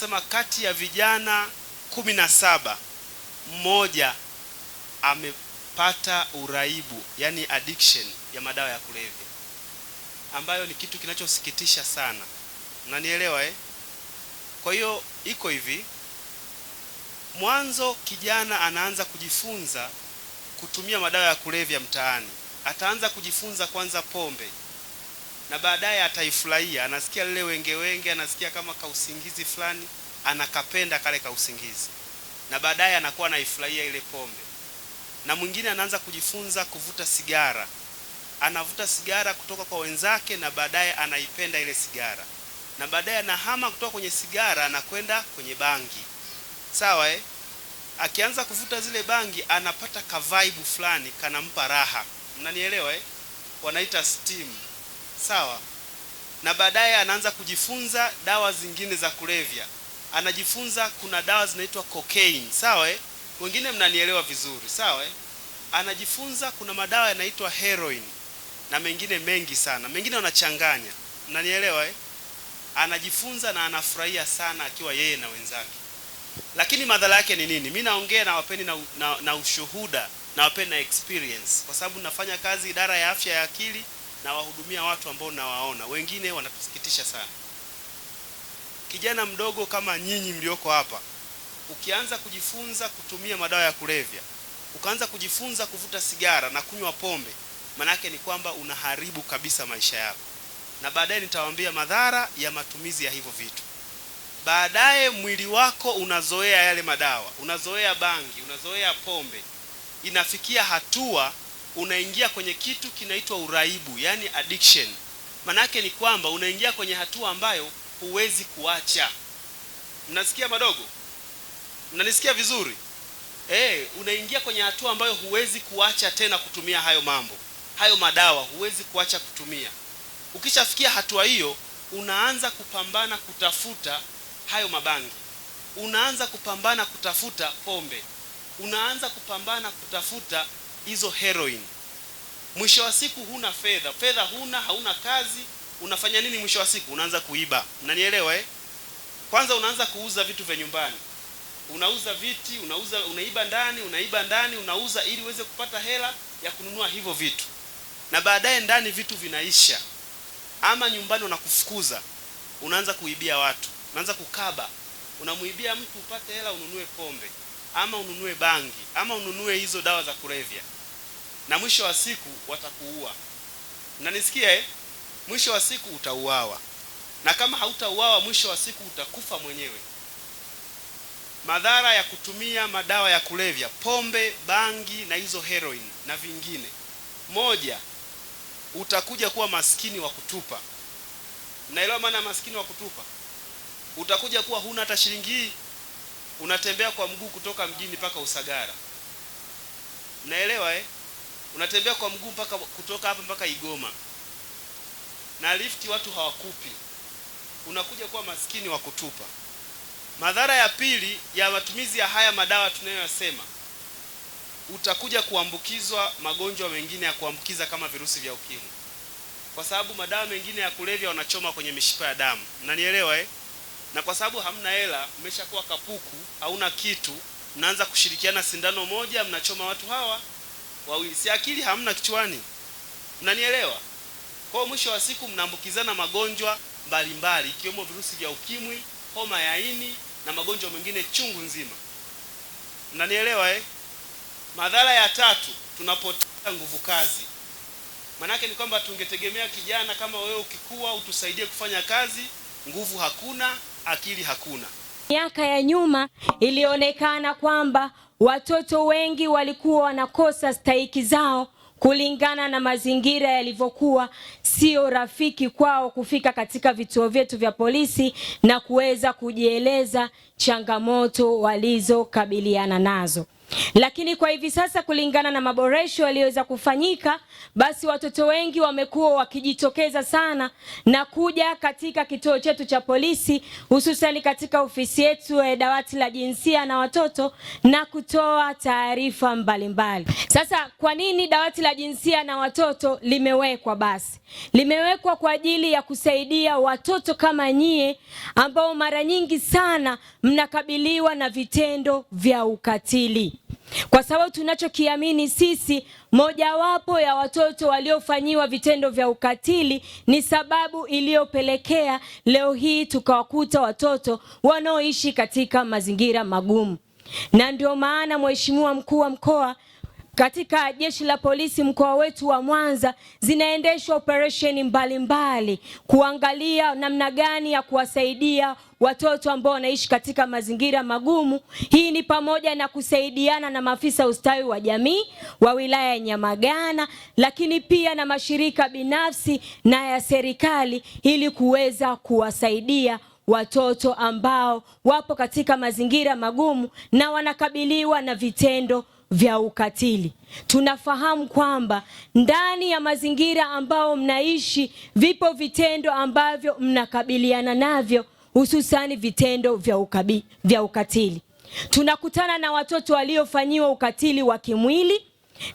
Sema kati ya vijana kumi na saba mmoja amepata uraibu, yani addiction ya madawa ya kulevya, ambayo ni kitu kinachosikitisha sana. Unanielewa eh? Kwa hiyo iko hivi, mwanzo kijana anaanza kujifunza kutumia madawa ya kulevya mtaani, ataanza kujifunza kwanza pombe na baadaye ataifurahia. Anasikia lile wenge wenge, anasikia kama kausingizi fulani, anakapenda kale kausingizi, na baadaye anakuwa anaifurahia ile pombe. Na mwingine anaanza kujifunza kuvuta sigara, anavuta sigara kutoka kwa wenzake, na baadaye anaipenda ile sigara, na baadaye anahama kutoka kwenye sigara anakwenda kwenye bangi, sawa eh? Akianza kuvuta zile bangi anapata kavaibu fulani kanampa raha, mnanielewa eh? Wanaita steam sawa, na baadaye anaanza kujifunza dawa zingine za kulevya. Anajifunza kuna dawa zinaitwa cocaine, sawa, eh? wengine mnanielewa vizuri, sawa. Eh? Anajifunza kuna madawa yanaitwa heroin na mengine mengi sana, mengine wanachanganya, mnanielewa eh? Anajifunza na anafurahia sana akiwa yeye na wenzake, lakini madhara yake ni nini? Mimi naongea na wapeni na, na, na ushuhuda na wapeni na experience, kwa sababu nafanya kazi idara ya afya ya akili nawahudumia watu ambao nawaona, wengine wanatusikitisha sana. Kijana mdogo kama nyinyi mlioko hapa, ukianza kujifunza kutumia madawa ya kulevya, ukaanza kujifunza kuvuta sigara na kunywa pombe, manake ni kwamba unaharibu kabisa maisha yako, na baadaye nitawaambia madhara ya matumizi ya hivyo vitu. Baadaye mwili wako unazoea yale madawa, unazoea bangi, unazoea pombe, inafikia hatua unaingia kwenye kitu kinaitwa uraibu, yani addiction. Manake ni kwamba unaingia kwenye hatua ambayo huwezi kuacha. Mnasikia madogo? Mnanisikia vizuri? Eh, unaingia kwenye hatua ambayo huwezi kuacha tena kutumia hayo mambo, hayo madawa huwezi kuacha kutumia. Ukishafikia hatua hiyo, unaanza kupambana kutafuta hayo mabangi, unaanza kupambana kutafuta pombe, unaanza kupambana kutafuta hizo heroin. Mwisho wa siku huna fedha, fedha huna, hauna kazi, unafanya nini? Mwisho wa siku unaanza kuiba, unanielewa eh? Kwanza unaanza kuuza vitu vya nyumbani, unauza viti, unauza, unaiba ndani, unaiba ndani, unauza ili uweze kupata hela ya kununua hivyo vitu, na baadaye ndani vitu vinaisha, ama nyumbani unakufukuza, unaanza kuibia watu, unaanza kukaba, unamuibia mtu upate hela ununue pombe ama ununue bangi ama ununue hizo dawa za kulevya na mwisho wa siku watakuua. Mnanisikia eh? Mwisho wa siku utauawa, na kama hautauawa, mwisho wa siku utakufa mwenyewe. Madhara ya kutumia madawa ya kulevya, pombe, bangi na hizo heroin na vingine: moja, utakuja kuwa maskini wa kutupa. Mnaelewa maana maskini wa kutupa? Utakuja kuwa huna hata shilingi hii, unatembea kwa mguu kutoka mjini mpaka Usagara. Mnaelewa eh? unatembea kwa mguu mpaka kutoka hapa mpaka Igoma na lifti watu hawakupi, unakuja kuwa maskini wa kutupa. Madhara ya pili ya matumizi ya haya madawa tunayoyasema, utakuja kuambukizwa magonjwa mengine ya kuambukiza kama virusi vya ukimwi, kwa sababu madawa mengine ya kulevya wanachoma kwenye mishipa ya damu, mnanielewa eh? Na kwa sababu hamna hela, mmeshakuwa kapuku, hauna kitu, mnaanza kushirikiana sindano moja, mnachoma watu hawa wawili, si akili hamna kichwani. Mnanielewa? Kwa hiyo mwisho wa siku mnaambukizana magonjwa mbalimbali ikiwemo virusi vya ukimwi, homa ya ini na magonjwa mengine chungu nzima. Mnanielewa eh? Madhara ya tatu, tunapoteza nguvu kazi. Manake ni kwamba tungetegemea kijana kama wewe, ukikua utusaidie kufanya kazi, nguvu hakuna, akili hakuna. Miaka ya nyuma ilionekana kwamba watoto wengi walikuwa wanakosa stahiki zao kulingana na mazingira yalivyokuwa sio rafiki kwao kufika katika vituo vyetu vya polisi na kuweza kujieleza changamoto walizokabiliana nazo. Lakini kwa hivi sasa kulingana na maboresho yaliyoweza kufanyika, basi watoto wengi wamekuwa wakijitokeza sana na kuja katika kituo chetu cha polisi, hususani katika ofisi yetu ya dawati la jinsia na watoto na kutoa taarifa mbalimbali. Sasa kwa nini dawati la jinsia na watoto limewekwa? Basi limewekwa kwa ajili ya kusaidia watoto kama nyie ambao mara nyingi sana mnakabiliwa na vitendo vya ukatili kwa sababu tunachokiamini sisi, mojawapo ya watoto waliofanyiwa vitendo vya ukatili ni sababu iliyopelekea leo hii tukawakuta watoto wanaoishi katika mazingira magumu, na ndio maana Mheshimiwa Mkuu wa Mkoa katika jeshi la polisi mkoa wetu wa Mwanza zinaendeshwa operesheni mbalimbali kuangalia namna gani ya kuwasaidia watoto ambao wanaishi katika mazingira magumu. Hii ni pamoja na kusaidiana na maafisa ustawi wa jamii wa wilaya ya Nyamagana, lakini pia na mashirika binafsi na ya serikali ili kuweza kuwasaidia watoto ambao wapo katika mazingira magumu na wanakabiliwa na vitendo vya ukatili. Tunafahamu kwamba ndani ya mazingira ambao mnaishi vipo vitendo ambavyo mnakabiliana navyo, hususani vitendo vya ukabi, vya ukatili. Tunakutana na watoto waliofanyiwa ukatili wa kimwili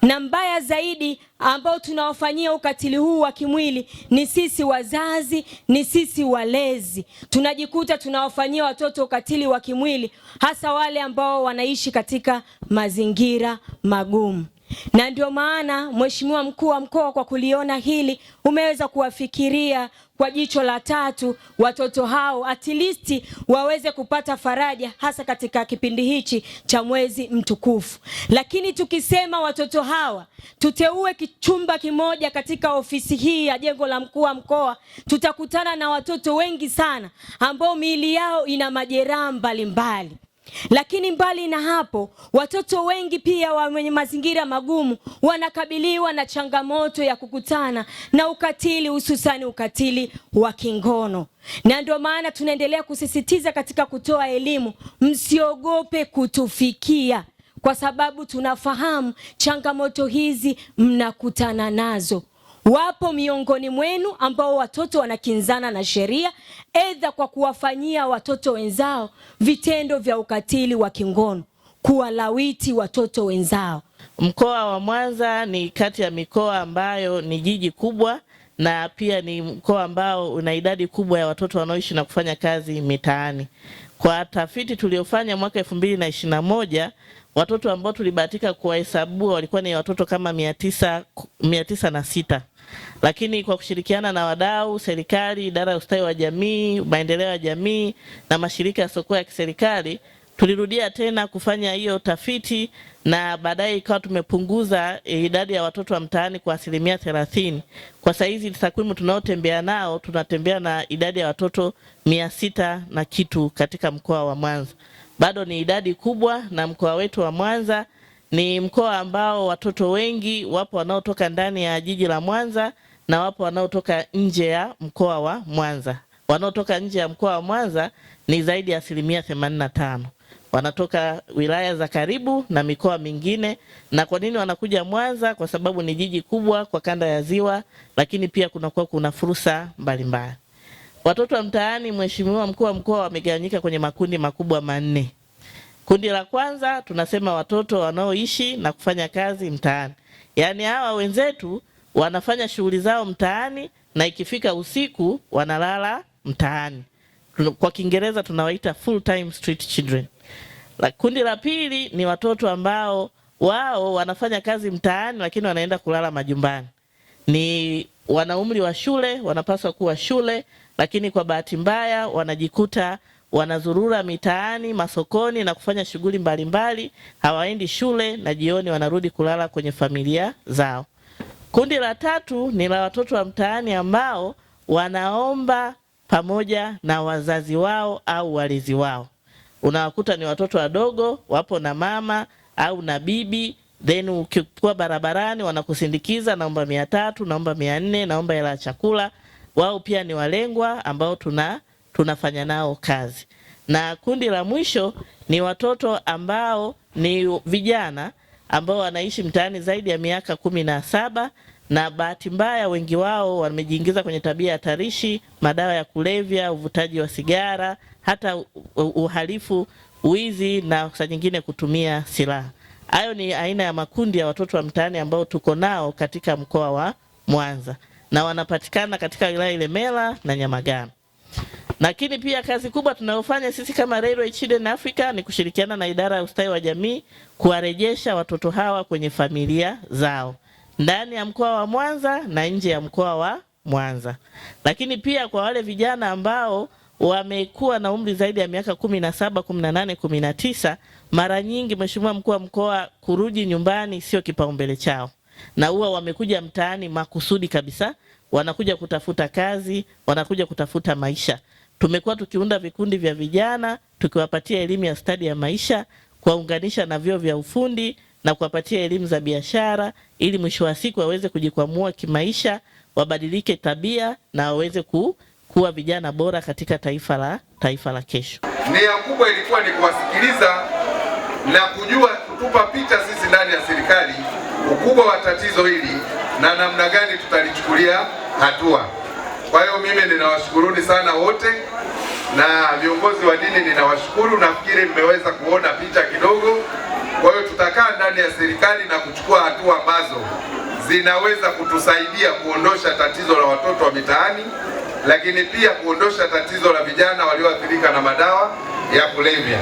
na mbaya zaidi ambao tunawafanyia ukatili huu wa kimwili ni sisi wazazi, ni sisi walezi. Tunajikuta tunawafanyia watoto ukatili wa kimwili, hasa wale ambao wanaishi katika mazingira magumu na ndio maana Mheshimiwa mkuu wa mkoa kwa kuliona hili umeweza kuwafikiria kwa jicho la tatu watoto hao at least waweze kupata faraja hasa katika kipindi hichi cha mwezi mtukufu. Lakini tukisema watoto hawa tuteue chumba kimoja katika ofisi hii ya jengo la mkuu wa mkoa, tutakutana na watoto wengi sana ambao miili yao ina majeraha mbalimbali. Lakini mbali na hapo, watoto wengi pia wenye mazingira magumu wanakabiliwa na changamoto ya kukutana na ukatili, hususani ukatili wa kingono, na ndio maana tunaendelea kusisitiza katika kutoa elimu, msiogope kutufikia, kwa sababu tunafahamu changamoto hizi mnakutana nazo. Wapo miongoni mwenu ambao watoto wanakinzana na sheria, aidha kwa kuwafanyia watoto wenzao vitendo vya ukatili wa kingono, kuwalawiti watoto wenzao. Mkoa wa Mwanza ni kati ya mikoa ambayo ni jiji kubwa na pia ni mkoa ambao una idadi kubwa ya watoto wanaoishi na kufanya kazi mitaani. Kwa tafiti tuliofanya mwaka elfu mbili na ishirini na moja watoto ambao tulibahatika kuwahesabua walikuwa ni watoto kama mia tisa mia tisa na sita lakini kwa kushirikiana na wadau, serikali, idara ya ustawi wa jamii, maendeleo ya jamii na mashirika ya soko ya kiserikali tulirudia tena kufanya hiyo tafiti na baadaye ikawa tumepunguza idadi ya watoto wa mtaani kwa asilimia thelathini. Kwa sahizi takwimu tunaotembea nao tunatembea na idadi ya watoto mia sita na kitu katika mkoa wa Mwanza bado ni idadi kubwa, na mkoa wetu wa Mwanza ni mkoa ambao watoto wengi wapo wanaotoka ndani ya jiji la Mwanza na wapo wanaotoka nje ya mkoa wa Mwanza. Wanaotoka nje ya mkoa wa Mwanza ni zaidi ya asilimia themanini na tano wanatoka wilaya za karibu na mikoa mingine. Na kwa nini wanakuja Mwanza? Kwa sababu ni jiji kubwa kwa kanda ya Ziwa, lakini pia kunakuwa kuna fursa mbalimbali. Watoto wa mtaani, Mheshimiwa Mkuu wa Mkoa, wamegawanyika kwenye makundi makubwa manne. Kundi la kwanza tunasema watoto wanaoishi na kufanya kazi mtaani, yaani hawa wenzetu wanafanya shughuli zao mtaani na ikifika usiku wanalala mtaani, kwa Kiingereza tunawaita full time street children. La kundi la pili ni watoto ambao wao wanafanya kazi mtaani lakini wanaenda kulala majumbani, ni wana umri wa shule, wanapaswa kuwa shule lakini kwa bahati mbaya wanajikuta wanazurura mitaani, masokoni na kufanya shughuli mbalimbali, hawaendi shule na jioni wanarudi kulala kwenye familia zao. Kundi la tatu ni la watoto wa mtaani ambao wanaomba pamoja na wazazi wao au walezi wao. Unawakuta ni watoto wadogo, wapo na mama au na bibi, then ukikuwa barabarani wanakusindikiza, naomba mia tatu, naomba mia nne, naomba hela ya chakula wao pia ni walengwa ambao tuna tunafanya nao kazi, na kundi la mwisho ni watoto ambao ni vijana ambao wanaishi mtaani zaidi ya miaka kumi na saba na bahati mbaya wengi wao wamejiingiza kwenye tabia hatarishi, madawa ya kulevya, uvutaji wa sigara, hata uhalifu, wizi na saa nyingine kutumia silaha. Hayo ni aina ya makundi ya watoto wa mtaani ambao tuko nao katika mkoa wa Mwanza na wanapatikana katika wilaya Ilemela na Nyamagana. Lakini pia kazi kubwa tunayofanya sisi kama Railway Children Africa ni kushirikiana na idara ya ustawi wa jamii kuwarejesha watoto hawa kwenye familia zao ndani ya mkoa wa Mwanza na nje ya mkoa wa Mwanza. Lakini pia kwa wale vijana ambao wamekuwa na umri zaidi ya miaka kumi na saba, kumi na nane, kumi na tisa, mara nyingi Mheshimiwa Mkuu wa Mkoa, kurudi nyumbani sio kipaumbele chao na huwa wamekuja mtaani makusudi kabisa, wanakuja kutafuta kazi, wanakuja kutafuta maisha. Tumekuwa tukiunda vikundi vya vijana tukiwapatia elimu ya stadi ya maisha, kuwaunganisha na vyuo vya ufundi na kuwapatia elimu za biashara, ili mwisho wa siku waweze kujikwamua kimaisha, wabadilike tabia na waweze ku, kuwa vijana bora katika taifa la taifa la kesho. Nia kubwa ilikuwa ni kuwasikiliza na kujua kutupa picha sisi ndani ya serikali ukubwa wa tatizo hili na namna gani tutalichukulia hatua. Kwa hiyo mimi ninawashukuruni sana wote na viongozi wa dini ninawashukuru. Nafikiri mmeweza kuona picha kidogo. Kwa hiyo tutakaa ndani ya serikali na kuchukua hatua ambazo zinaweza kutusaidia kuondosha tatizo la watoto wa mitaani, lakini pia kuondosha tatizo la vijana walioathirika na madawa ya kulevya.